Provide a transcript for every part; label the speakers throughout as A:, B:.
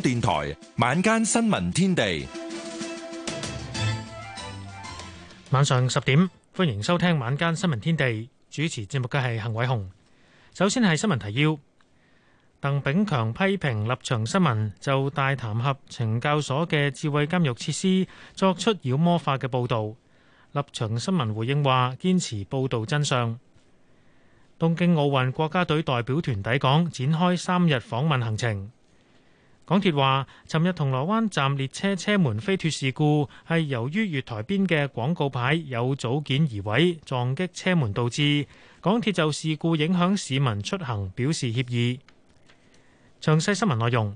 A: 電台晚間
B: 新聞天地，晚上十點歡迎收聽晚間新聞天地。主持節目嘅係幸偉雄。首先係新聞提要：鄧炳強批評立場新聞就大談合懲教所嘅智慧監獄設施作出妖魔化嘅報道。立場新聞回應話，堅持報道真相。東京奧運國家隊代表團抵港，展開三日訪問行程。港鐵話，尋日銅鑼灣站列車車門飛脱事故係由於月台邊嘅廣告牌有組件移位撞擊車門導致。港鐵就事故影響市民出行表示歉意。詳細新聞內容，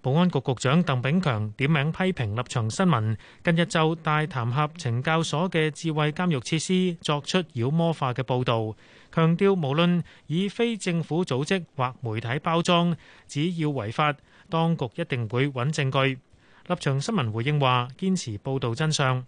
B: 保安局局長鄧炳強點名批評立場新聞近日就大潭峽懲教所嘅智慧監獄設施作出妖魔化嘅報導。強調無論以非政府組織或媒體包裝，只要違法，當局一定會揾證據。立場新聞回應話，堅持報導真相。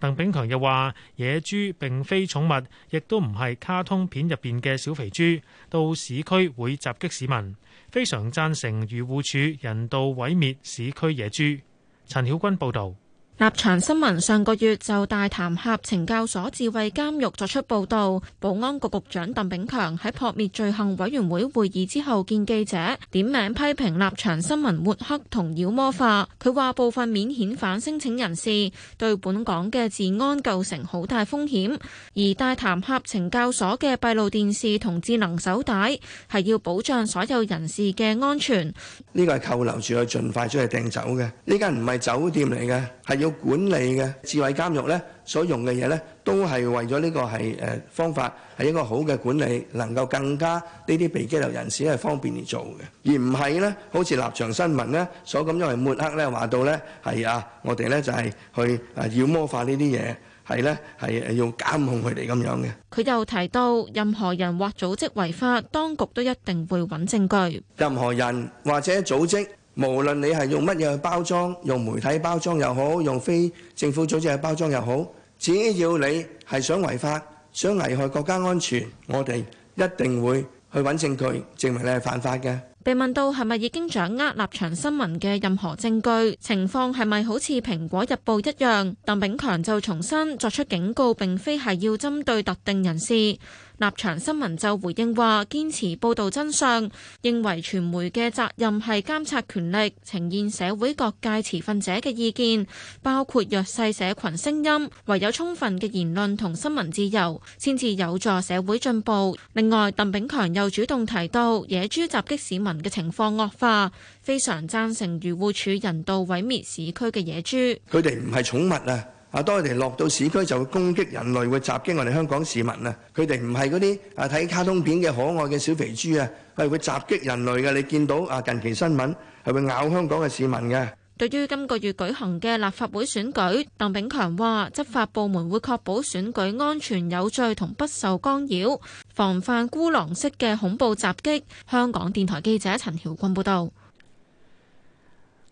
B: 鄧炳強又話：野豬並非寵物，亦都唔係卡通片入邊嘅小肥豬，到市區會襲擊市民，非常贊成漁護署人道毀滅市區野豬。陳曉君報導。
C: 立場新聞上個月就大潭峽懲教所智慧監獄作出報道，保安局局長鄧炳強喺撲滅罪行委員會會議之後見記者，點名批評立場新聞抹黑同妖魔化。佢話部分免遣返申請人士對本港嘅治安構成好大風險，而大潭峽懲教所嘅閉路電視同智能手帶係要保障所有人士嘅安全。
D: 呢個係扣留住佢，盡快出去掟走嘅。呢間唔係酒店嚟嘅，係要管理嘅智慧監獄咧，所用嘅嘢咧，都係為咗呢個係誒方法係一個好嘅管理，能夠更加呢啲被拘留人士係方便而做嘅，而唔係咧好似立場新聞咧所咁樣嚟抹黑咧話到咧係啊，我哋咧就係去啊要魔化呢啲嘢，係咧係要監控佢哋咁樣嘅。
C: 佢又提到，任何人或組織違法，當局都一定會揾證據。
D: 任何人或者組織。無論你係用乜嘢去包裝，用媒體包裝又好，用非政府組織去包裝又好，只要你係想違法、想危害國家安全，我哋一定會去揾證據證明你係犯法嘅。
C: 被問到係咪已經掌握立場新聞嘅任何證據，情況係咪好似《蘋果日報》一樣？鄧炳強就重新作出警告，並非係要針對特定人士。立場新聞就回應話，堅持報導真相，認為傳媒嘅責任係監察權力，呈現社會各界持份者嘅意見，包括弱勢社群聲音。唯有充分嘅言論同新聞自由，先至有助社會進步。另外，鄧炳強又主動提到野豬襲擊市民嘅情況惡化，非常贊成漁護署人道毀滅市區嘅野豬。
D: 佢哋唔係寵物啊！啊！當佢哋落到市區就會攻擊人類，會襲擊我哋香港市民啊！佢哋唔係嗰啲啊睇卡通片嘅可愛嘅小肥豬啊，係會襲擊人類嘅。你見到啊近期新聞係會咬香港嘅市民嘅。
C: 對於今個月舉行嘅立法會選舉，鄧炳強話執法部門會確保選舉安全有序同不受干擾，防範孤狼式嘅恐怖襲擊。香港電台記者陳曉君報道。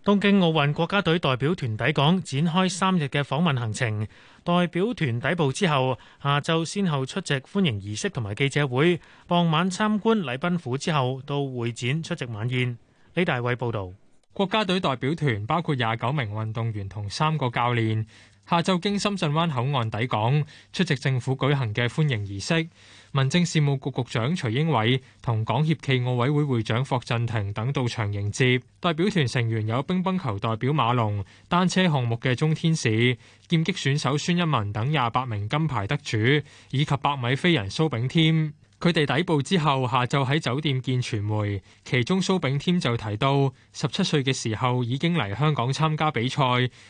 C: 東
B: 京奧運國家隊代表團抵港，展開三日嘅訪問行程。代表團抵埗之後，下晝先後出席歡迎儀式同埋記者會，傍晚參觀禮賓府之後，到會展出席晚宴。李大偉報道，國家隊代表
A: 團包括廿九名運動員同三個教練。下晝經深圳灣口岸抵港，出席政府舉行嘅歡迎儀式。民政事務局局長徐英偉同港協暨奧委會會長霍震霆等到場迎接。代表團成員有乒乓球代表馬龍、單車項目嘅鍾天使、劍擊選手孫一文等廿八名金牌得主，以及百米飛人蘇炳添。佢哋抵埗之後，下晝喺酒店見傳媒，其中蘇炳添就提到，十七歲嘅時候已經嚟香港參加比賽，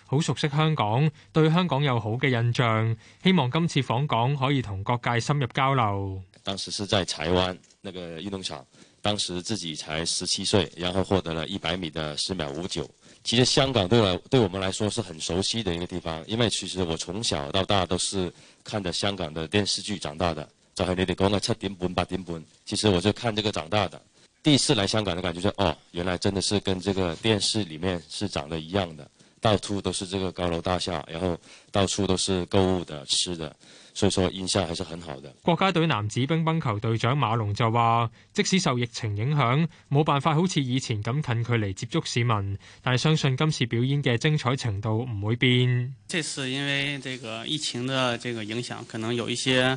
A: 好熟悉香港，對香港有好嘅印象，希望今次訪港可以同各界深入交流。
B: 當時是在台灣那個運動場，當時自己才十七歲，然後獲得了一百米的十秒五九。其實香港對我對我們來說是很熟悉的一個地方，因為其實我從小到大都是看着香港的電視劇長大的。就係你哋講嘅七點半、八點半。其實我就看這個長大的。第一次來香港的感覺就，哦，原來真的是跟這個電視裏面是長得一樣的，到處都是這個高樓大廈，然後到處都是購物的、吃的，所以說印象還是很好的。
A: 國家隊男子乒乓球隊長馬龍就話，即使受疫情影響，冇辦法好似以前咁近距離接觸市民，但係相信今次表演嘅精彩程度唔會變。
B: 這次因為這個疫情的這個影響，可能有一些。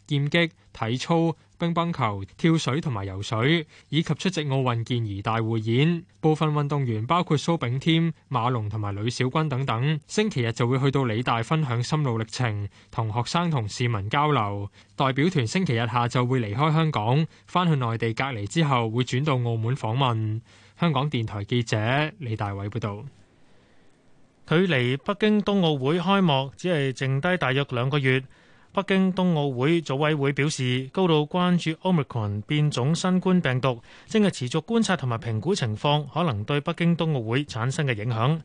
A: 劍擊、體操、乒乓球、跳水同埋游水，以及出席奧運健兒大會演。部分運動員包括蘇炳添、馬龍同埋呂小軍等等。星期日就會去到理大分享心路歷程，同學生同市民交流。代表團星期日下晝就會離開香港，返去內地隔離之後，會轉到澳門訪問。香港電台記
B: 者李大偉報道。距離北京冬奧會開幕只係剩低大約兩個月。北京冬奧會組委會表示，高度關注 Omicron 變種新冠病毒，正係持續觀察同埋評估情況，可能對北京冬奧會產生嘅影響。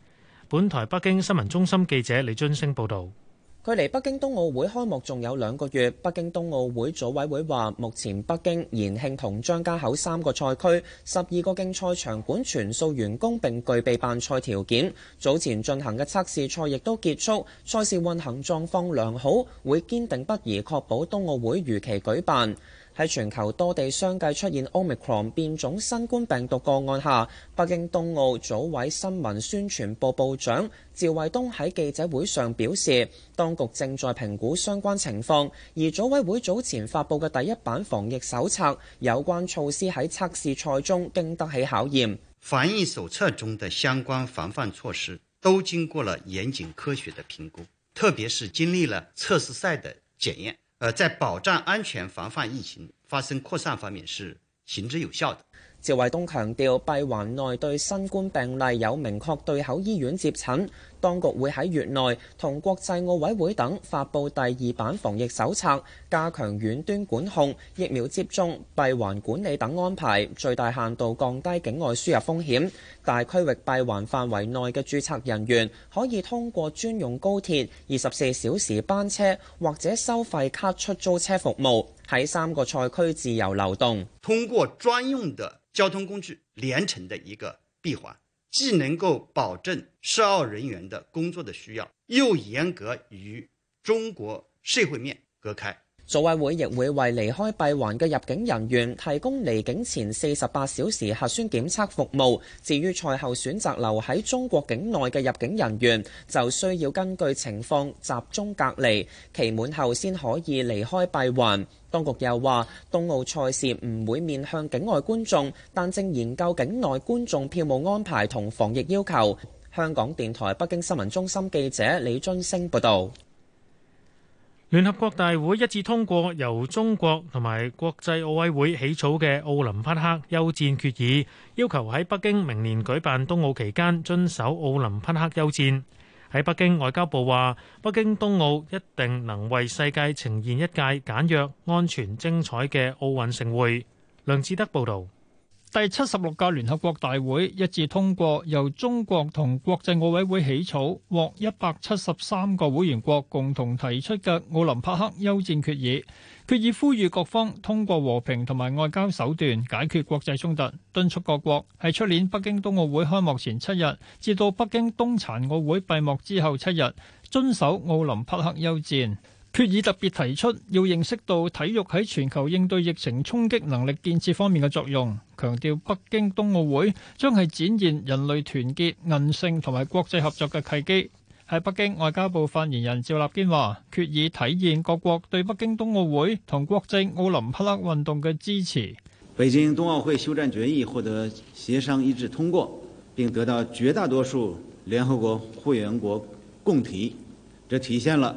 B: 本台北京新聞中心記者李俊升報道。
E: 距離北京冬奧會開幕仲有兩個月，北京冬奧會組委會話，目前北京、延慶同張家口三個賽區，十二個競賽場館全數完工並具備辦賽條件。早前進行嘅測試賽亦都結束，賽事運行狀況良好，會堅定不移確保冬奧會如期舉辦。喺全球多地相繼出現 Omicron 變種新冠病毒個案下，北京冬奧組委新聞宣傳部部長趙衛東喺記者會上表示，當局正在評估相關情況。而組委會早前發布嘅第一版防疫手冊，有關措施喺測試賽中經得起考驗。防疫手
F: 冊中的相關防範措施都經過了嚴謹科學的評估，特別是經歷了測試賽的檢驗。呃，在保障安全、防範疫情發
E: 生擴散方面是行之有效的。趙衛東強調，閉環內對新冠病例有明確對口醫院接診。當局會喺月內同國際奧委會等發布第二版防疫手冊，加強遠端管控、疫苗接種、閉環管理等安排，最大限度降低境外輸入風險。大區域閉環範圍內嘅註冊人員，可以通過專用高鐵、二十四小時班車或者收費卡出租車服務，喺三個賽區自由流動。
F: 通過專用的交通工具連成的一個閉環。既能夠保證涉奧人員的工作的需要，又嚴格與中國社會面隔開。
E: 組委會亦會為離開閉環嘅入境人員提供離境前四十八小時核酸檢測服務。至於賽後選擇留喺中國境內嘅入境人員，就需要根據情況集中隔離，期滿後先可以離開閉環。當局又話，冬奧賽事唔會面向境外觀眾，但正研究境內觀眾票務安排同防疫要求。香港電台北京新聞中心記者李津星報道。
B: 聯合國大會一致通過由中國同埋國際奧委會起草嘅奧林匹克休戰決議，要求喺北京明年舉辦冬奧期間遵守奧林匹克休戰。喺北京外交部話，北京冬奧一定能為世界呈現一屆簡約、安全、精彩嘅奧
G: 運盛會，梁志德報道。第七十六屆聯合國大會一致通過由中國同國際奧委會起草，獲一百七十三個會員國共同提出嘅奧林匹克休戰決議。決議呼籲各方通過和平同埋外交手段解決國際衝突，敦促各國喺出年北京冬奧會開幕前七日至到北京冬殘奧會閉幕之後七日遵守奧林匹克休戰。決議特別提出要認識到體育喺全球應對疫情衝擊能力建設方面嘅作用，強調北京冬奧會將係展現人類團結、韌性同埋國際合作嘅契機。喺北京外交部發言人趙立堅話：決議體現各國對北京冬奧會同國際奧林匹克運動嘅支持。北京冬奧會休戰決議獲得協商一致通過，
B: 並得到絕大多數聯合國會員國共提，這體現了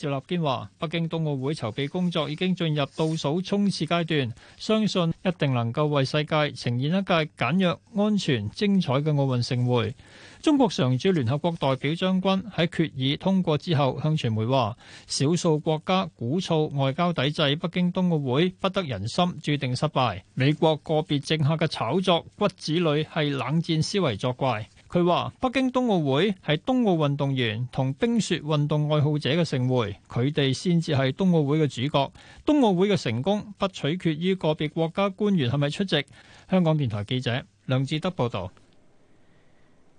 G: 趙立堅話：北京冬奧會籌備工作已經進入倒數衝刺階段，相信一定能夠為世界呈現一屆簡約、安全、精彩嘅奧運盛會。中國常駐聯合國代表張軍喺決議通過之後，向傳媒話：少數國家鼓譟外交抵制北京冬奧會，不得人心，注定失敗。美國個別政客嘅炒作，骨子裏係冷戰思維作怪。佢話：北京冬奧會係冬奧運動員同冰雪運動愛好者嘅盛會，佢哋先至係冬奧會嘅主角。冬奧會嘅成功不取決於個別國家官員係咪出席。香港電台記者梁志德報道。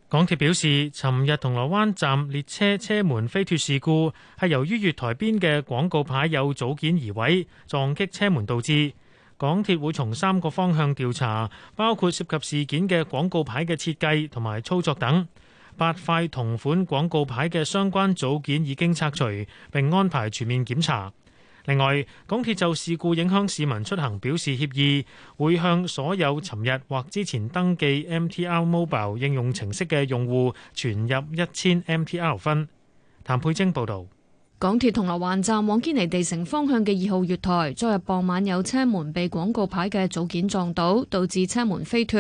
B: 港鐵表示，尋日銅鑼灣站列車車門飛脱事故係由於月台邊嘅廣告牌有組件移位，撞擊車門導致。港鐵會從三個方向調查，包括涉及事件嘅廣告牌嘅設計同埋操作等。八塊同款廣告牌嘅相關組件已經拆除並安排全面檢查。另外，港鐵就事故影響市民出行表示歉意，會向所有尋日或之前登記 MTR Mobile 應用程式嘅用戶存入一千 MTR 分。譚佩晶報導。
H: 港鐵銅鑼灣站往堅尼地城方向嘅二號月台，昨日傍晚有車門被廣告牌嘅組件撞到，導致車門飛脱。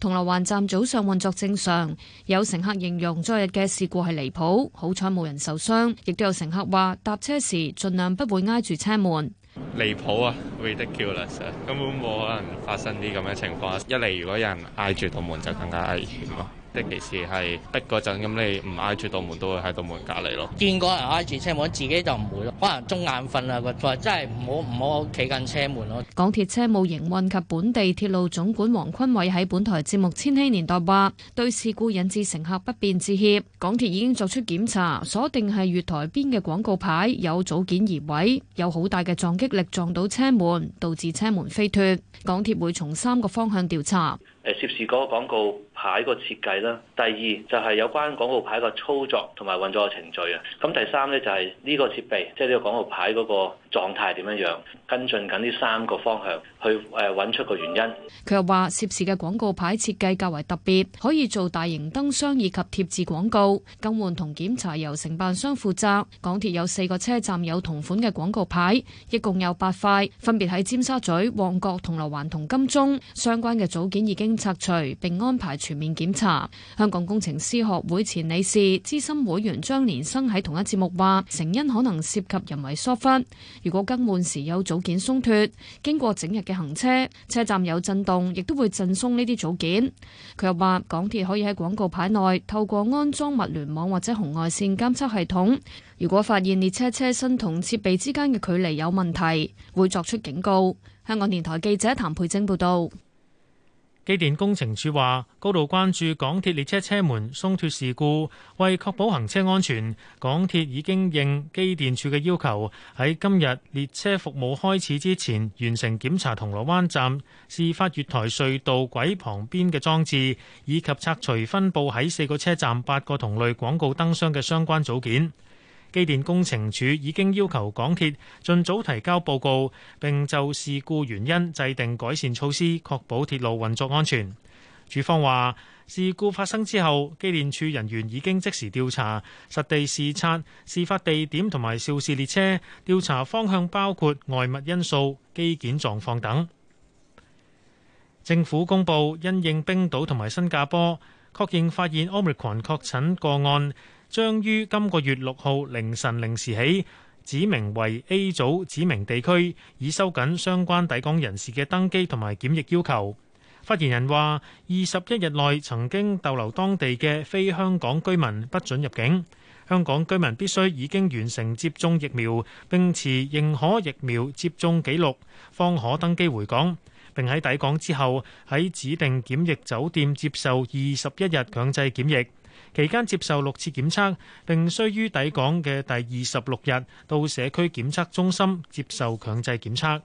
H: 銅鑼灣站早上運作正常，有乘客形容昨日嘅事故係離譜，好彩冇人受傷。亦都有乘客話搭車時盡量不會挨住車門。
I: 離譜啊，ridiculous 啊，根本冇可能發生啲咁嘅情況。一嚟如果有人挨住道門就更加危險咯。其的其時係逼嗰陣，咁你唔挨住道門都會喺道門隔離咯。
J: 見過人挨住車門，自己就唔會咯。可能中眼瞓啦，或真係唔好唔好企近車門咯。
H: 港鐵車務營運及本地鐵路總管黃坤偉喺本台節目《千禧年代》話：對事故引致乘客不便致歉。港鐵已經作出檢查，鎖定係月台邊嘅廣告牌有組件移位，有好大嘅撞擊力撞到車門，導致車門飛脱。港鐵會從三個方向調查。
B: 涉事嗰個廣告牌個設計啦，第二就係有關廣告牌個操作同埋運作程序啊。咁第三咧就係呢個設備即係呢個廣告牌嗰個狀態點樣樣，跟進緊呢三個方向去誒揾出個原因。
H: 佢又話涉事嘅廣告牌設計較為特別，可以做大型燈箱以及貼字廣告，更換同檢查由承辦商負責。港鐵有四個車站有同款嘅廣告牌，一共有八塊，分別喺尖沙咀、旺角、銅鑼灣同金鐘。相關嘅組件已經。拆除並安排全面檢查。香港工程師學會前理事、資深會員張連生喺同一節目話：成因可能涉及人為疏忽。如果更換時有組件鬆脱，經過整日嘅行車，車站有震動，亦都會震鬆呢啲組件。佢又話港鐵可以喺廣告牌內透過安裝物聯網或者紅外線監測系統，如果發現列車車身同設備之間嘅距離有問題，會作出警告。香港電台記者譚佩晶報道。
B: 機電工程處話高度關注港鐵列車車門鬆脱事故，為確保行車安全，港鐵已經應機電處嘅要求，喺今日列車服務開始之前完成檢查銅鑼灣站，事發月台隧道軌旁邊嘅裝置，以及拆除分布喺四個車站八個同類廣告燈箱嘅相關組件。機電工程署已經要求港鐵盡早提交報告，并就事故原因制定改善措施，確保鐵路運作安全。署方話，事故發生之後，機電處人員已經即時調查、實地視察事發地點同埋肇事列車，調查方向包括外物因素、基建狀況等。政府公布，因應冰島同埋新加坡確認發現 Omicron 確診個案。將於今個月六號凌晨零時起，指明為 A 組指明地區，以收緊相關抵港人士嘅登機同埋檢疫要求。發言人話：二十一日內曾經逗留當地嘅非香港居民不准入境；香港居民必須已經完成接種疫苗並持認可疫苗接種記錄，方可登機回港。並喺抵港之後喺指定檢疫酒店接受二十一日強制檢疫。期間接受六次檢測，並須於抵港嘅第二十六日到社區檢測中心接受強制檢測。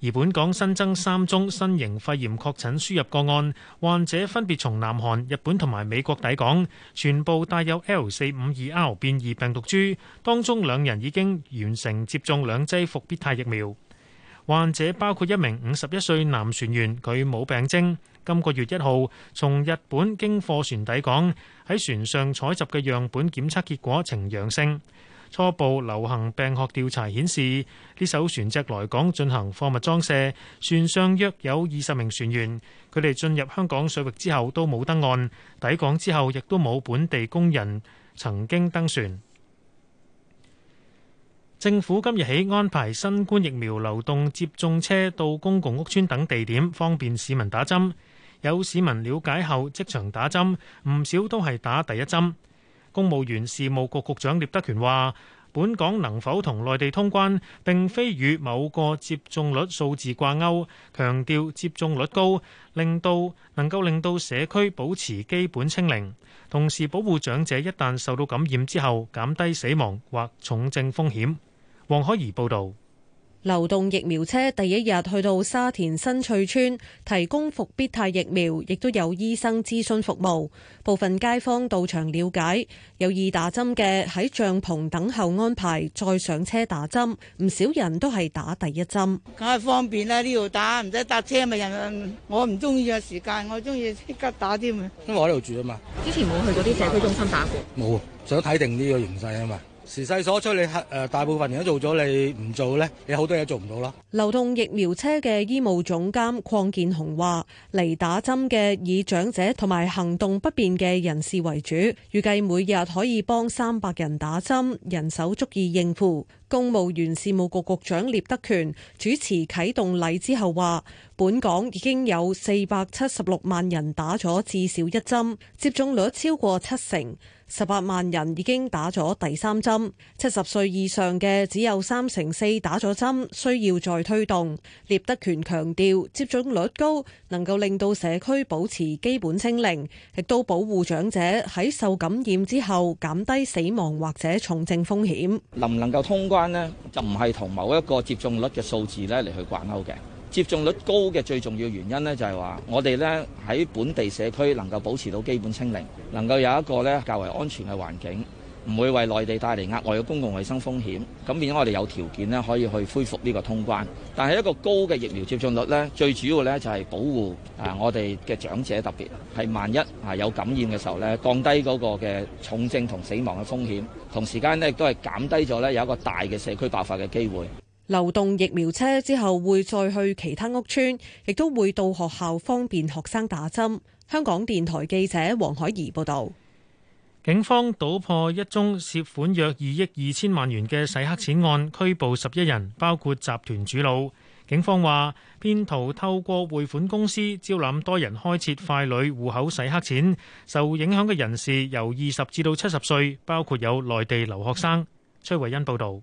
B: 而本港新增三宗新型肺炎確診輸入個案，患者分別從南韓、日本同埋美國抵港，全部帶有 L 四五二 R 變異病毒株，當中兩人已經完成接種兩劑復必泰疫苗。患者包括一名五十一歲男船員，佢冇病徵，今個月一號從日本經貨船抵港，喺船上採集嘅樣本檢測結果呈陽性。初步流行病學調查顯示，呢艘船只來港進行貨物裝卸，船上約有二十名船員，佢哋進入香港水域之後都冇登岸，抵港之後亦都冇本地工人曾經登船。政府今日起安排新冠疫苗流動接種車到公共屋邨等地點，方便市民打針。有市民了解後即場打針，唔少都係打第一針。公務員事務局局長聶德權話，本港能否同內地通關，並非與某個接種率數字掛鈎，強調接種率高，令到能夠令到社區保持基本清零，同時保護長者一旦受到感染之後，減低死亡或重症風險。黃凱儀報道：
K: 流動疫苗車第一日去到沙田新翠村提供復必泰疫苗，亦都有醫生諮詢服務。部分街坊到場了解，有意打針嘅喺帳篷等候安排，再上車打針。唔少人都係打第一針，
C: 梗係方便啦！呢度打唔使搭車，咪人我唔中意啊時間，我中意即刻打添啊！因
A: 為我喺度住啊嘛，
K: 之前冇去嗰啲社區中心打過，
A: 冇想睇定呢個形勢啊嘛。時勢所趨，你誒大部分人都做咗，你唔做呢，你好多嘢做唔到啦。
K: 流動疫苗車嘅醫務總監鄺建雄話，嚟打針嘅以長者同埋行動不便嘅人士為主，預計每日可以幫三百人打針，人手足以應付。公務員事務局局長聶德權主持啟動禮之後話，本港已經有四百七十六萬人打咗至少一針，接種率超過七成。十八萬人已經打咗第三針，七十歲以上嘅只有三成四打咗針，需要再推動。聶德權強調，接種率高能夠令到社區保持基本清零，亦都保護長者喺受感染之後減低死亡或者重症風險。
L: 能唔能夠通關呢？就唔係同某一個接種率嘅數字呢嚟去掛鈎嘅。接種率高嘅最重要原因呢，就係話我哋呢喺本地社區能夠保持到基本清零，能夠有一個呢較為安全嘅環境，唔會為內地帶嚟額外嘅公共衛生風險，變咗我哋有條件呢可以去恢復呢個通關。但係一個高嘅疫苗接種率呢，最主要呢就係保護啊我哋嘅長者，特別係萬一啊有感染嘅時候呢，降低嗰個嘅重症同死亡嘅風險，同時間呢，亦都係減低咗呢有一個大嘅社區爆發嘅機會。
K: 流動疫苗車之後會再去其他屋村，亦都會到學校方便學生打針。香港電台記者黃海怡報道。
B: 警方搗破一宗涉款約二億二千萬元嘅洗黑錢案，拘捕十一人，包括集團主腦。警方話，騙徒透過匯款公司招攬多人開設傀儡戶口洗黑錢，受影響嘅人士由二十至到七十歲，包括有內地留學生。崔慧恩報道。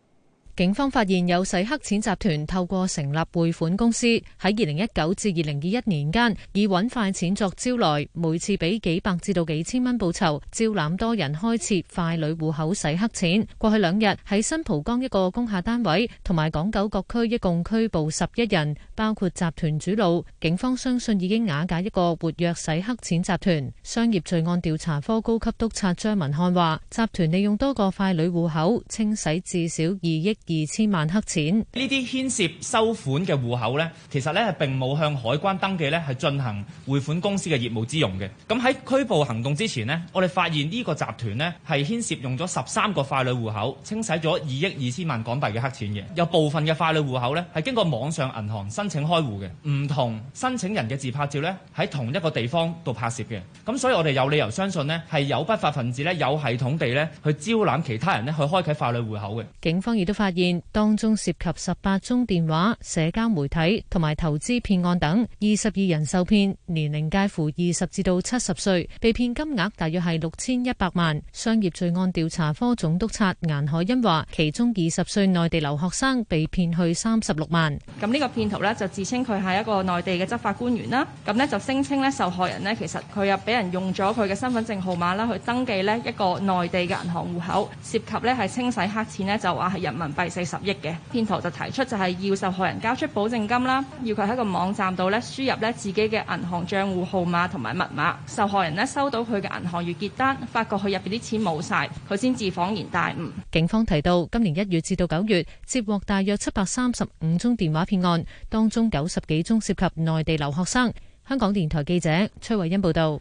M: 警方發現有洗黑錢集團透過成立匯款公司，喺二零一九至二零二一年間，以揾快錢作招來，每次俾幾百至到幾千蚊報酬，招攬多人開設快女戶口洗黑錢。過去兩日喺新蒲崗一個工廈單位同埋港九各區一共拘捕十一人，包括集團主腦。警方相信已經瓦解一個活躍洗黑錢集團。商業罪案調查科高級督察張文漢話：集團利用多個快女戶口清洗至少二億。二千萬黑錢，
E: 呢啲牽涉收款嘅戶口呢，其實呢係並冇向海關登記呢，係進行匯款公司嘅業務之用嘅。咁喺拘捕行動之前呢，我哋發現呢個集團呢係牽涉用咗十三個傀儡戶口清洗咗二億二千萬港幣嘅黑錢嘅。有部分嘅傀儡戶口呢係經過網上銀行申請開戶嘅，唔同申請人嘅自拍照呢喺同一個地方度拍攝嘅。咁所以我哋有理由相信呢係有不法分子呢有系統地呢去招攬其他人呢去開啓傀
G: 儡戶口嘅。
M: 警方亦都發現現當中涉及十八宗電話、社交媒體同埋投資騙案等，二十二人受騙，年齡介乎二十至到七十歲，被騙金額大約係六千一百萬。商業罪案調查科總督察顏海欣話，其中二十歲內地留學生被騙去三十六萬。咁呢個騙徒呢，
C: 就自稱佢係一個內地嘅執法官員啦，咁呢，就聲稱呢受害人呢，其實佢又俾人用咗佢嘅身份證號碼啦去登記呢一個內地嘅銀行戶口，涉及呢係清洗黑錢呢，就話係人民幣。第四十億嘅騙徒就提出，就係要受害人交出保證金啦，要佢喺個網站度呢輸入呢自己嘅銀行賬戶號碼同埋密碼。受害人呢收到佢嘅銀行月結單，發覺佢入邊啲錢冇晒，佢先至恍然大悟。
M: 警方提到，今年一月至到九月接獲大約七百三十五宗電話騙案，當中九十幾宗涉及內地留學生。香港電台記者崔慧欣報道。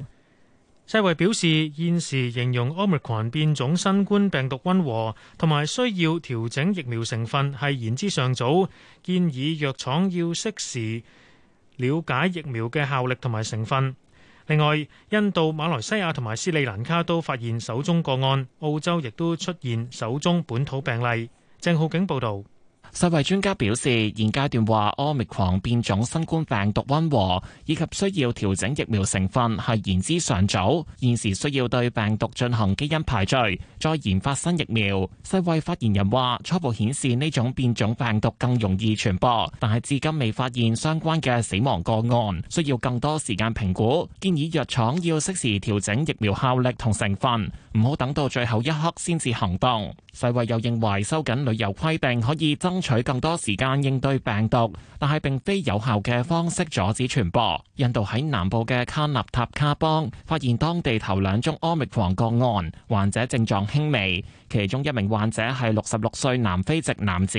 B: 世衞表示，現時形容 Omicron 變種新冠病毒温和，同埋需要調整疫苗成分係言之尚早，建議藥廠要適時了解疫苗嘅效力同埋成分。另外，印度、馬來西亞同埋斯里蘭卡都發現首宗個案，澳洲亦都出現首宗本土病例。鄭浩景報導。
I: 世衛專家表示，現階段話 Omicron 變種新冠病毒温和，以及需要調整疫苗成分係言之尚早。現時需要對病毒進行基因排序，再研發新疫苗。世衛發言人話：初步顯示呢種變種病毒更容易傳播，但係至今未發現相關嘅死亡個案，需要更多時間評估。建議藥廠要適時調整疫苗效力同成分，唔好等到最後一刻先至行動。世衛又認為，收緊旅遊規定可以增取更多時間應對病毒，但係並非有效嘅方式阻止傳播。印度喺南部嘅卡納塔卡邦發現當地頭兩宗奧密克戎個案，患者症狀輕微，其中一名患者係六十六歲南非籍男子。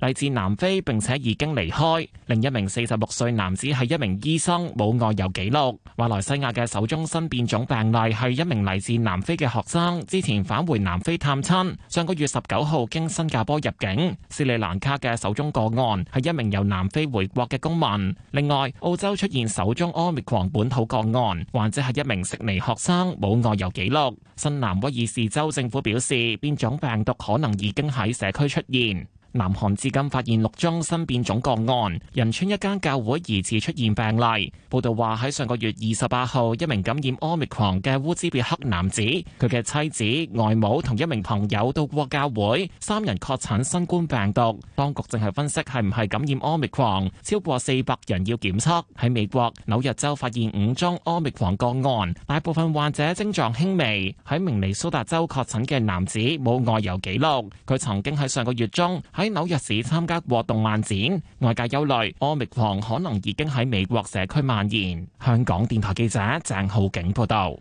I: 嚟自南非並且已經離開，另一名四十六歲男子係一名醫生，冇外遊記錄。馬來西亞嘅首宗新變種病例係一名嚟自南非嘅學生，之前返回南非探親，上個月十九號經新加坡入境。斯里蘭卡嘅首宗個案係一名由南非回國嘅公民。另外，澳洲出現首宗 Omicron 本土個案，患者係一名悉尼學生，冇外遊記錄。新南威爾士州政府表示，變種病毒可能已經喺社區出現。南韓至今發現六宗新變種個案，仁川一間教會疑似出現病例。報道話喺上個月二十八號，一名感染 Omicron 嘅烏茲別克男子，佢嘅妻子、外母同一名朋友到過教會，三人確診新冠病毒。當局正係分析係唔係感染 Omicron，超過四百人要檢測。喺美國紐約州發現五宗 Omicron 個案，大部分患者症狀輕微。喺明尼蘇達州確診嘅男子冇外遊記錄，佢曾經喺上個月中喺。喺紐約市參加活動漫展，外界憂慮 Omicron 可能已經喺美國社區蔓延。香港電台記者鄭浩景報道，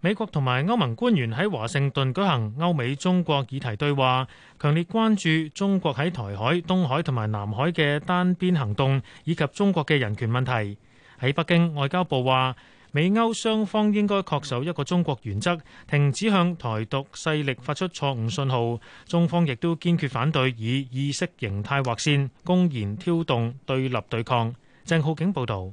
I: 美國同埋歐盟官員喺華盛頓舉行歐美中國議題對話，
B: 強烈關注中國喺台海、東海同埋南海嘅單邊行動，以及中國嘅人權問題。喺北京，外交部話。美歐雙方應該恪守一個中國原則，停止向台獨勢力發出錯誤信號。中方亦都堅決反對以意識形態劃線，公然挑動對立對抗。鄭浩景報導。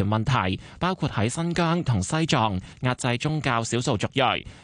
I: 問題包括喺新疆同西藏壓制宗教少數族裔，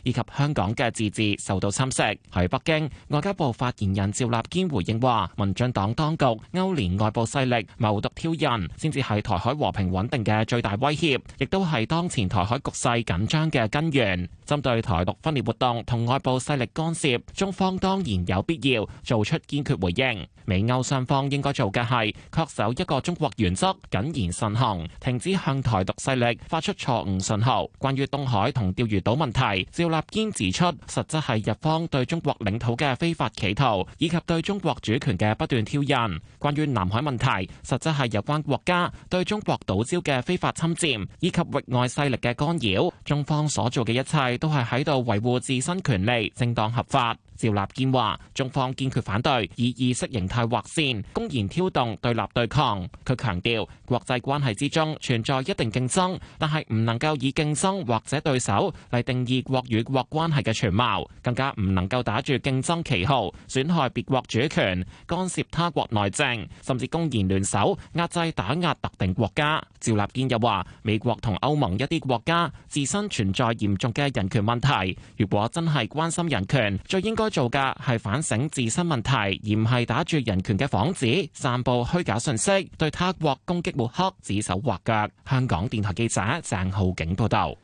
I: 以及香港嘅自治受到侵蝕。喺北京，外交部發言人趙立堅回應話：民進黨當局勾連外部勢力，謀獨挑釁，先至係台海和平穩定嘅最大威脅，亦都係當前台海局勢緊張嘅根源。針對台獨分裂活動同外部勢力干涉，中方當然有必要做出堅決回應。美歐雙方應該做嘅係恪守一個中國原則，謹言慎行，停止。向台獨勢力發出錯誤信號。關於東海同釣魚島問題，趙立堅指出，實質係日方對中國領土嘅非法企圖，以及對中國主權嘅不斷挑釁。關於南海問題，實質係有關國家對中國島礁嘅非法侵占，以及域外勢力嘅干擾。中方所做嘅一切，都係喺度維護自身權利，正當合法。趙立堅話，中方堅決反對以意識形態劃線，公然挑動對立對抗。佢強調，國際關係之中全。存在一定競爭，但係唔能夠以競爭或者對手嚟定義國與國關係嘅全貌，更加唔能夠打住競爭旗號損害別國主權、干涉他國內政，甚至公然聯手壓制打壓特定國家。趙立堅又話：美國同歐盟一啲國家自身存在嚴重嘅人權問題，如果真係關心人權，最應該做嘅係反省自身問題，而唔係打住人權嘅幌子散布虛假信息，對他國攻擊抹黑，指手畫腳。香港電台記者鄭浩景報道：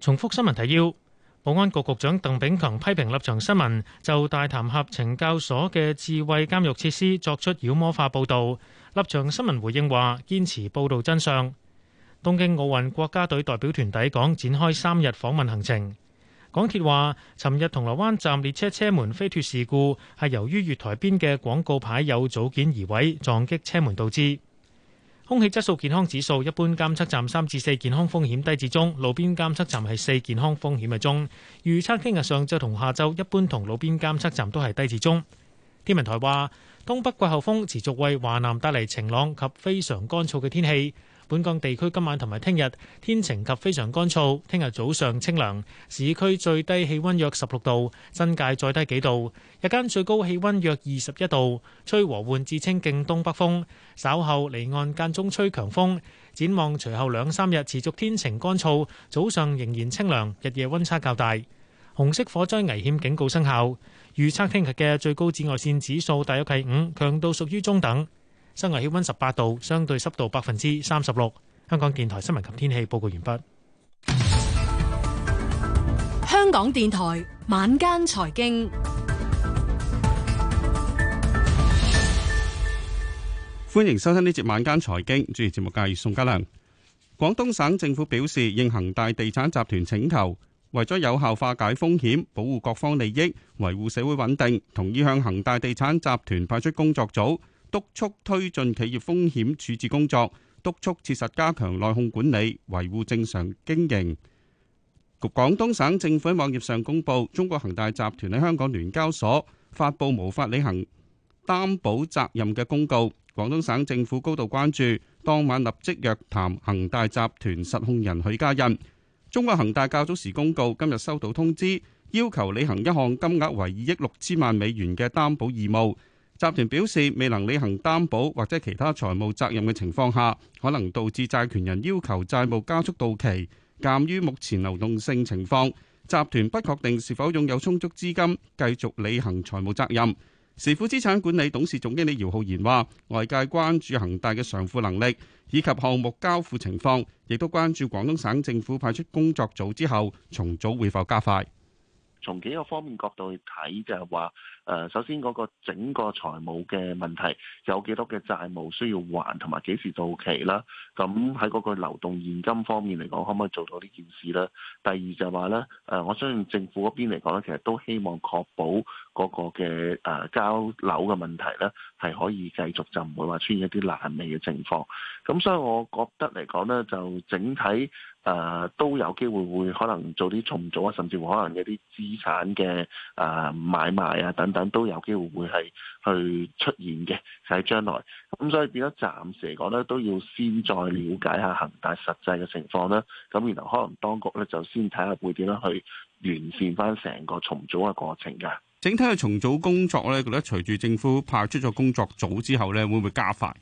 B: 重複新聞提要，保安局局長鄧炳強批評立場新聞就大潭合懲教所嘅智慧監獄設施作出妖魔化報道。立場新聞回應話，堅持報道真相。東京奧運國家隊代表團抵港，展開三日訪問行程。港鐵話，尋日銅鑼灣站列車車門飛脫事故係由於月台邊嘅廣告牌有組件移位，撞擊車門導致。空氣質素健康指數一般監測站三至四，健康風險低至中，路邊監測站係四，健康風險嘅中。預測聽日上晝同下晝一般同路邊監測站都係低至中。天文台話，東北季候風持續為華南帶嚟晴朗及非常乾燥嘅天氣。本港地區今晚同埋聽日天晴及非常乾燥，聽日早上清涼，市區最低氣温約十六度，新界再低幾度，日間最高氣温約二十一度，吹和緩至清勁東北風，稍後離岸間中吹強風。展望隨後兩三日持續天晴乾燥，早上仍然清涼，日夜温差較大。紅色火災危險警告生效，預測聽日嘅最高紫外線指數大約係五，強度屬於中等。室外氣溫十八度，相對濕度百分之三十六。香港電台新聞及天氣報告完畢。
K: 香港電台晚間財經，
F: 歡迎收聽呢節晚間財經。主持節目嘅係宋家良。廣東省政府表示，應恒大地產集團請求，為咗有效化解風險、保護各方利益、維護社會穩定，同意向恒大地產集團派出工作組。督促推進企業風險處置工作，督促切實加強內控管理，維護正常經營。廣東省政府喺網頁上公佈，中國恒大集團喺香港聯交所發布無法履行擔保責任嘅公告。廣東省政府高度關注，當晚立即約談恒大集團實控人許家印。中國恒大較早時公告，今日收到通知，要求履行一項金額為二億六千萬美元嘅擔保義務。集團表示，未能履行擔保或者其他財務責任嘅情況下，可能導致債權人要求債務加速到期。鑒於目前流動性情況，集團不確定是否擁有充足資金繼續履行財務責任。時富資產管理董事總經理姚浩然話，外界關注恒大嘅償付能力以及項目交付情況，亦都關注廣東省政府派出工作組之後，重組會否加快。
N: 從幾個方面角度去睇，就係話。誒，首先嗰個整個財務嘅問題，有幾多嘅債務需要還，同埋幾時到期啦？咁喺嗰個流動現金方面嚟講，可唔可以做到呢件事咧？第二就話咧，誒，我相信政府嗰邊嚟講咧，其實都希望確保嗰個嘅誒交樓嘅問題咧，係可以繼續就唔會話出現一啲難為嘅情況。咁所以，我覺得嚟講咧，就整體誒都有機會會可能做啲重組啊，甚至乎可能一啲資產嘅誒買賣啊等等。都有機會會係去出現嘅就喺將來，咁所以變咗暫時嚟講咧，都要先再了解下恒大實際嘅情況啦。咁然後可能當局咧就先睇下會點樣，去完善翻成個重組嘅過程㗎。
F: 整體嘅重組工作咧，覺得隨住政府派出咗工作組之後咧，會唔會加快？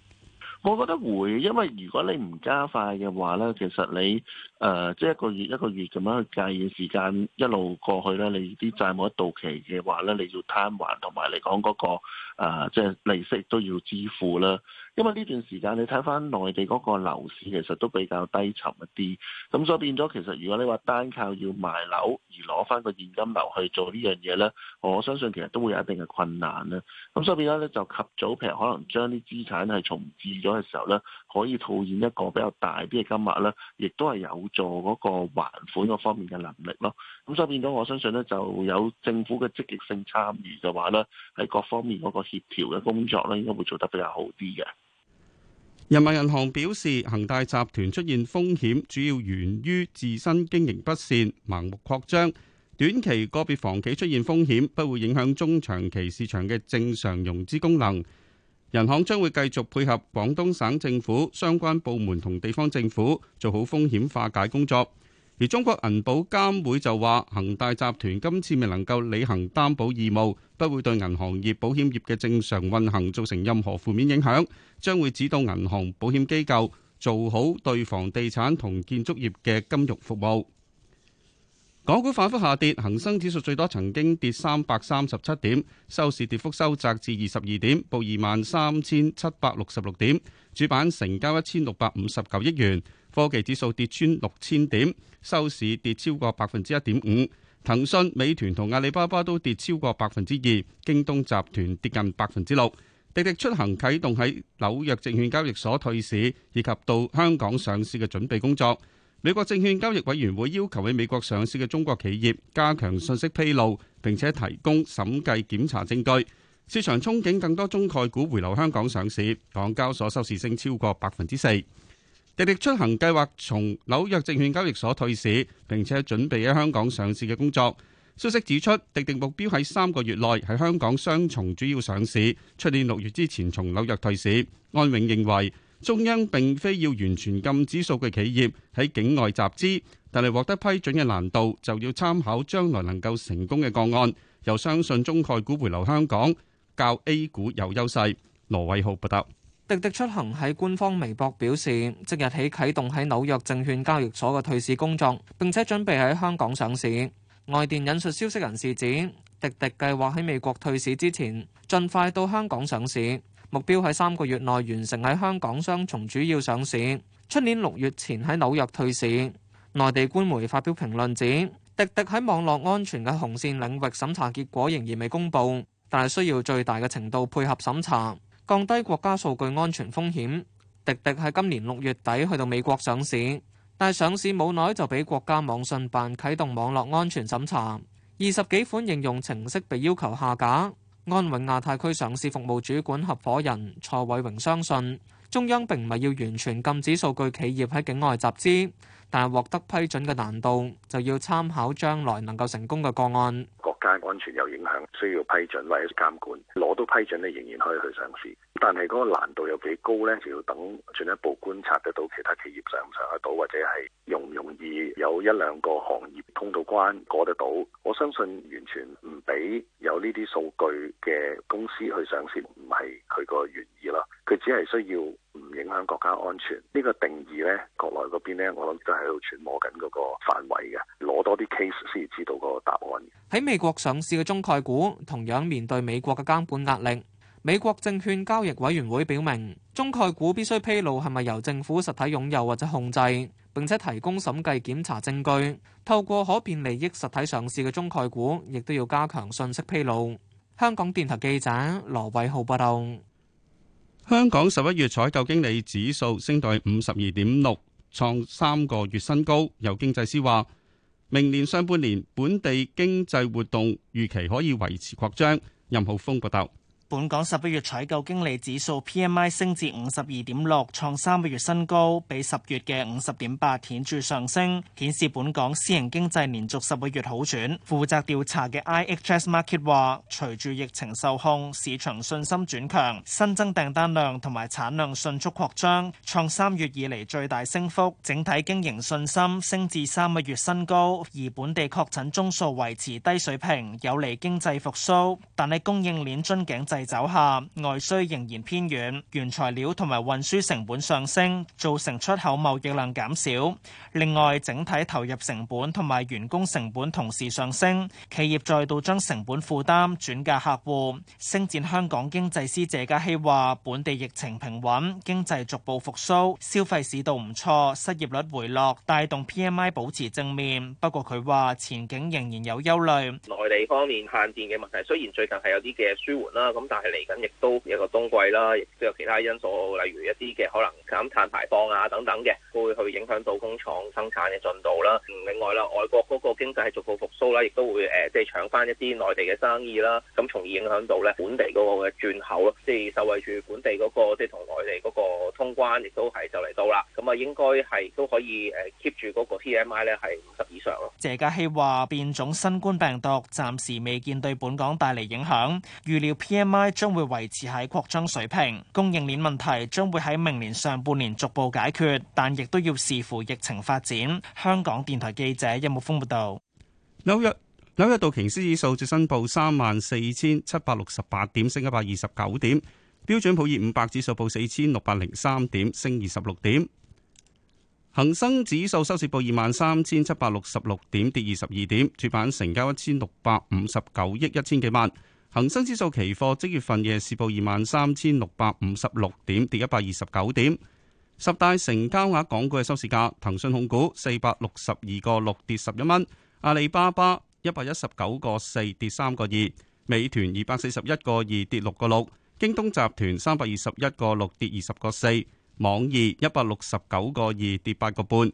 N: 我覺得會，因為如果你唔加快嘅話咧，其實你。誒、呃，即係一個月一個月咁樣計嘅時間一路過去咧，你啲債務到期嘅話咧，你要攤還同埋嚟講嗰個即係、呃就是、利息都要支付啦。因為呢段時間你睇翻內地嗰個樓市其實都比較低沉一啲，咁所以變咗其實如果你話單靠要賣樓而攞翻個現金流去做呢樣嘢咧，我相信其實都會有一定嘅困難咧。咁所以變咗咧，就及早譬如可能將啲資產係重置咗嘅時候咧。可以套現一個比較大啲嘅金額啦，亦都係有助嗰個還款嗰方面嘅能力咯。咁所以變咗，我相信咧就有政府嘅積極性參與嘅話咧，喺各方面嗰個協調嘅工作咧，應該會做得比較好啲嘅。
F: 人民銀行表示，恒大集團出現風險，主要源於自身經營不善、盲目擴張。短期個別房企出現風險，不會影響中長期市場嘅正常融資功能。人行將會繼續配合廣東省政府相關部門同地方政府做好風險化解工作，而中國銀保監會就話，恒大集團今次未能夠履行擔保義務，不會對銀行業、保險業嘅正常運行造成任何負面影響，將會指導銀行、保險機構做好對房地產同建築業嘅金融服務。港股反覆下跌，恒生指數最多曾經跌三百三十七點，收市跌幅收窄至二十二點，報二萬三千七百六十六點，主板成交一千六百五十九億元。科技指數跌穿六千點，收市跌超過百分之一點五。騰訊、美團同阿里巴巴都跌超過百分之二，京東集團跌近百分之六。滴滴出行啟動喺紐約證券交易所退市以及到香港上市嘅準備工作。美國證券交易委員會要求喺美國上市嘅中國企業加強信息披露，並且提供審計檢查證據。市場憧憬更多中概股回流香港上市，港交所收市升超過百分之四。滴滴出行計劃從紐約證券交易所退市，並且準備喺香港上市嘅工作。消息指出，滴滴目標喺三個月內喺香港雙重主要上市，出年六月之前從紐約退市。安永認為。中央並非要完全禁止數據企業喺境外集資，但係獲得批准嘅難度就要參考將來能夠成功嘅個案。又相信中概股回流香港較 A 股有優勢，羅偉浩報道。滴滴出行喺官方微博
L: 表示，即日起啟動喺紐約證券交易所嘅退市工作，並且準備喺香港上市。外電引述消息人士指，滴滴計劃喺美國退市之前，盡快到香港上市。目標喺三個月內完成喺香港雙重主要上市，出年六月前喺紐約退市。內地官媒發表評論指，滴滴喺網絡安全嘅紅線領域審查結果仍然未公佈，但係需要最大嘅程度配合審查，降低國家數據安全風險。滴滴喺今年六月底去到美國上市，但係上市冇耐就畀國家網信辦啟動網絡安全審查，二十幾款應用程式被要求下架。安永亞太區上市服務主管合夥人蔡偉榮相信，中央並唔係要完全禁止數據企業喺境外集資，但係獲得批准嘅難度就要參考將來能夠成功嘅個案。
N: 國家安全有影響，需要批准或者監管。攞到批准咧，仍然可以去上市，但係嗰個難度有幾高咧，就要等進一步觀察得到其他企業上唔上得到，或者係容唔容易有一兩個行業通道關過得到。我相信完全唔俾有呢啲數據嘅公司去上市，唔係佢個原意咯。佢只係需要唔影響國家安全呢、這個定義咧，國內嗰邊咧，我諗都喺度揣摩緊嗰個範圍嘅，攞多啲 case 先知道個答
L: 案。喺美國。上市嘅中概股同樣面對美國嘅監管壓力。美國證券交易委員會表明，中概股必須披露係咪由政府實體擁有或者控制，並且提供審計檢查證據。透過可變利益實體上市嘅中概股，亦都要加強信息披露。香港電台記者羅偉浩報道。
F: 香港十一月採購經理指數升到五十二點六，創三個月新高。有經濟師話。明年上半年本地經濟活動預期可以維持擴張，任浩峰報道。
J: 本港十一月採購經理指數 PMI 升至五十二點六，創三個月新高，比十月嘅五十點八顯著上升，顯示本港私營經濟連續十個月好轉。負責調查嘅 IHS Markit 話，隨住疫情受控，市場信心轉強，新增訂單量同埋產量迅速擴張，創三月以嚟最大升幅。整體經營信心升至三個月新高，而本地確診宗數維持低水平，有利經濟復蘇。但係供應鏈樽頸走下，外需仍然偏軟，原材料同埋運輸成本上升，造成出口貿易量減少。另外，整體投入成本同埋員工成本同時上升，企業再度將成本負擔轉嫁客戶。星展香港經濟師謝嘉希話，本地疫情平穩，經濟逐步復甦，消費市道唔錯，失業率回落，帶動 P M I 保持正面。不過佢話前景仍然有憂慮。內
E: 地方面限電嘅問題，雖然最近係有啲嘅舒緩啦，但係嚟緊亦都有個冬季啦，亦都有其他因素，例如一啲嘅可能減碳排放啊等等嘅，都會去影響到工廠生產嘅進度啦。另外啦，外國嗰個經濟係逐步復甦啦，亦都會誒即係搶翻一啲內地嘅生意啦，咁從而影響到咧本地嗰個嘅轉口囉，即係受惠住本地嗰個即係同內地嗰個通關，亦都係就嚟到啦。咁啊，應該係都可以誒 keep 住嗰個 PMI 咧係五十以上囉。
J: 謝嘉希話：變種新冠病毒暫時未見對本港帶嚟影響，預料 PMI。將會維持喺擴張水平，供應鏈問題將會喺明年上半年逐步解決，但亦都要視乎疫情發展。香港電台記者任木峰報道。
F: 紐約，紐約道瓊斯指數最新報三萬四千七百六十八點，升一百二十九點；標準普爾五百指數報四千六百零三點，升二十六點；恒生指數收市報二萬三千七百六十六點，跌二十二點。主板成交一千六百五十九億一千幾萬。恒生指數期貨即月份夜市報二萬三千六百五十六點，跌一百二十九點。十大成交額港股嘅收市價：騰訊控股四百六十二個六跌十一蚊，阿里巴巴一百一十九個四跌三個二，美團二百四十一個二跌六個六，京東集團三百二十一個六跌二十個四，網易一百六十九個二跌八個半，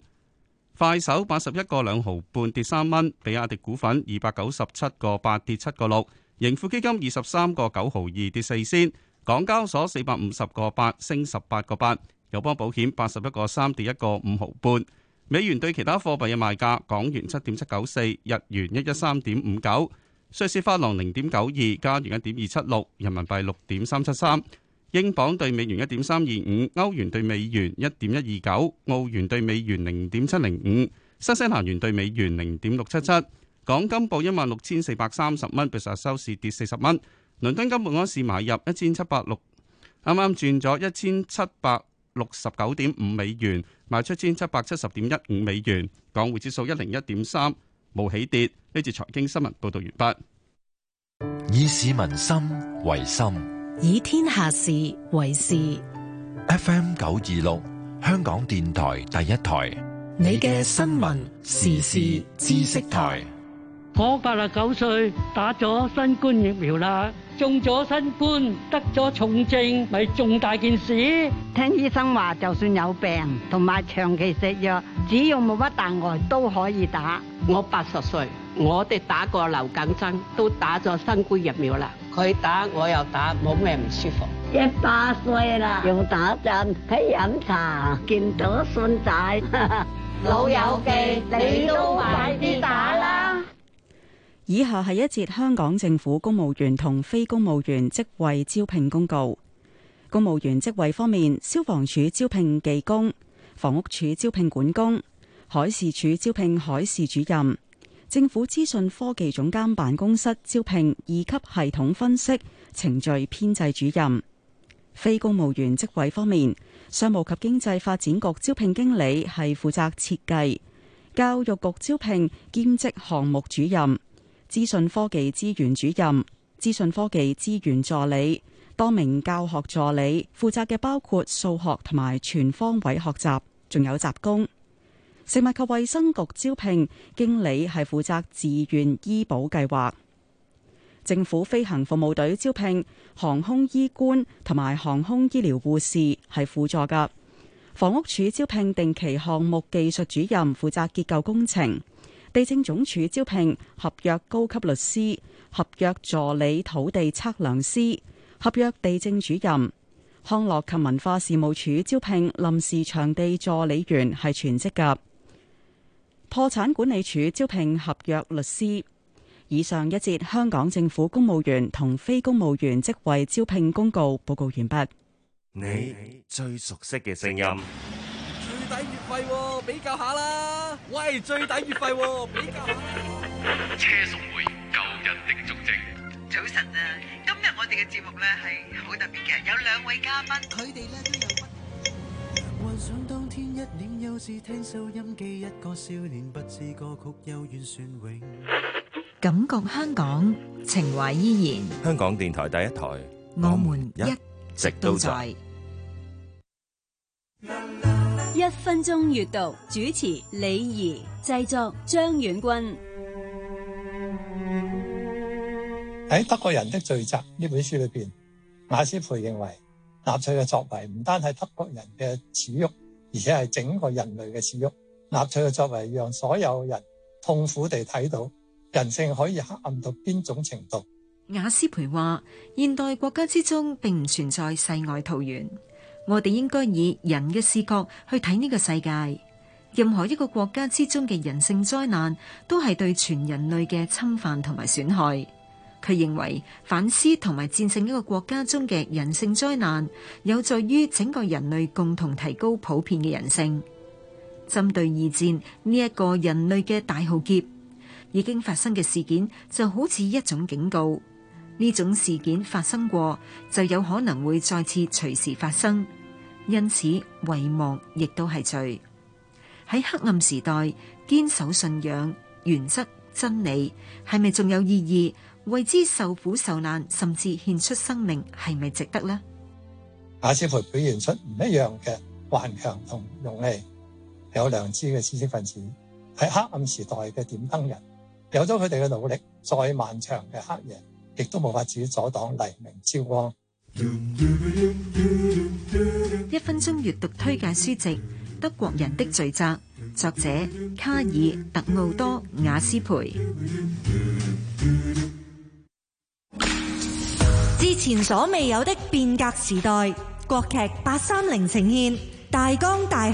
F: 快手八十一個兩毫半跌三蚊，比亞迪股份二百九十七個八跌七個六。盈富基金二十三個九毫二跌四仙，港交所四百五十個八升十八個八，友邦保險八十一個三跌一個五毫半。美元對其他貨幣嘅賣價：港元七點七九四，日元一一三點五九，瑞士法郎零點九二，加元一點二七六，人民幣六點三七三，英鎊對美元一點三二五，歐元對美元一點一二九，澳元對美元零點七零五，新西蘭元對美元零點六七七。港金報一萬六千四百三十蚊，比上日收市跌四十蚊。倫敦金本安市買入一千七百六，啱啱轉咗一千七百六十九點五美元，賣出千七百七十點一五美元。港匯指數一零一點三，冇起跌。呢次財經新聞報道完畢。以市民心為心，以天下事為事。F M 九二六，
A: 香港電台第一台，
M: 你嘅新聞時事知識台。
K: 我八十九歲，打咗新冠疫苗啦，中咗新冠，得咗重症，咪重大件事。聽醫生話，就算有病同埋長期食藥，只要冇乜大礙都可以打。我八十歲，我哋打過流感針，都打咗新冠疫苗啦。佢打我又打，冇咩唔舒服。一百歲啦，又打針，喺飲茶，見到信仔、老友記，你都快啲打啦。
O: 以下係一節香港政府公務員同非公務員職位招聘公告。公務員職位方面，消防處招聘技工，房屋署招聘管工，海事處招聘海事主任，政府資訊科技總監辦公室招聘二級系統分析程序編製主任。非公務員職位方面，商務及經濟發展局招聘經理係負責設計，教育局招聘兼職項目主任。資訊科技資源主任、資訊科技資源助理、多名教學助理負責嘅包括數學同埋全方位學習，仲有雜工。食物及衛生局招聘經理，係負責自願醫保計劃。政府飛行服務隊招聘航空醫官同埋航空醫療護士，係輔助㗎。房屋署招聘定期項目技術主任，負責結構工程。地政總署招聘合約高級律師、合約助理土地測量師、合約地政主任。康樂及文化事務署招聘臨時場地助理員，係全職㗎。破產管理署招聘合約律師。以上一節香港政府公務員同非公務員職位招聘公告報告完畢。你
N: 最熟悉嘅聲音。
D: 抵月費喎，比較下啦。喂，最抵月費喎，
P: 比較下。車送回舊日的足跡。早晨啊，今日我哋嘅節目呢係好特別嘅，有兩位嘉賓，佢哋呢都有
F: 不同。幻想
B: 當天一臉幼稚，聽收音機一個少年，不知歌曲幽怨。
P: 感覺香港情懷依然。香港電台第一台，我們一直都在。一分鐘閱讀主持李怡，製作張遠君。
G: 喺《德國人的罪責》呢本書裏邊，雅斯培認為納粹嘅作為唔單係德國人嘅恥辱，而且係整個人類嘅恥辱。納粹嘅作為讓所有人痛苦地睇到人性可以黑暗到邊種程度。
P: 雅斯培話：現代國家之中並唔存在世外桃源。我哋應該以人嘅視角去睇呢個世界。任何一個國家之中嘅人性災難，都係對全人類嘅侵犯同埋損害。佢認為反思同埋戰勝一個國家中嘅人性災難，有助於整個人類共同提高普遍嘅人性。針對二戰呢一個人類嘅大浩劫，已經發生嘅事件就好似一種警告。呢種事件發生過，就有可能會再次隨時發生。因此，遺忘亦都係罪。喺黑暗時代，堅守信仰、原則、真理，係咪仲有意義？為之受苦受難，甚至獻出生命，係咪值得呢？
G: 亞斯培表現出唔一樣嘅頑強同勇氣，有良知嘅知識分子係黑暗時代嘅點燈人。有咗佢哋嘅努力，再漫長嘅黑夜，亦都冇法子阻擋黎明曙光。
P: 一分鐘閱讀推介書籍《德國人的罪責》，作者卡爾特奧多雅斯培。
K: 之前所未有的變革時代，國劇八三零呈現大江大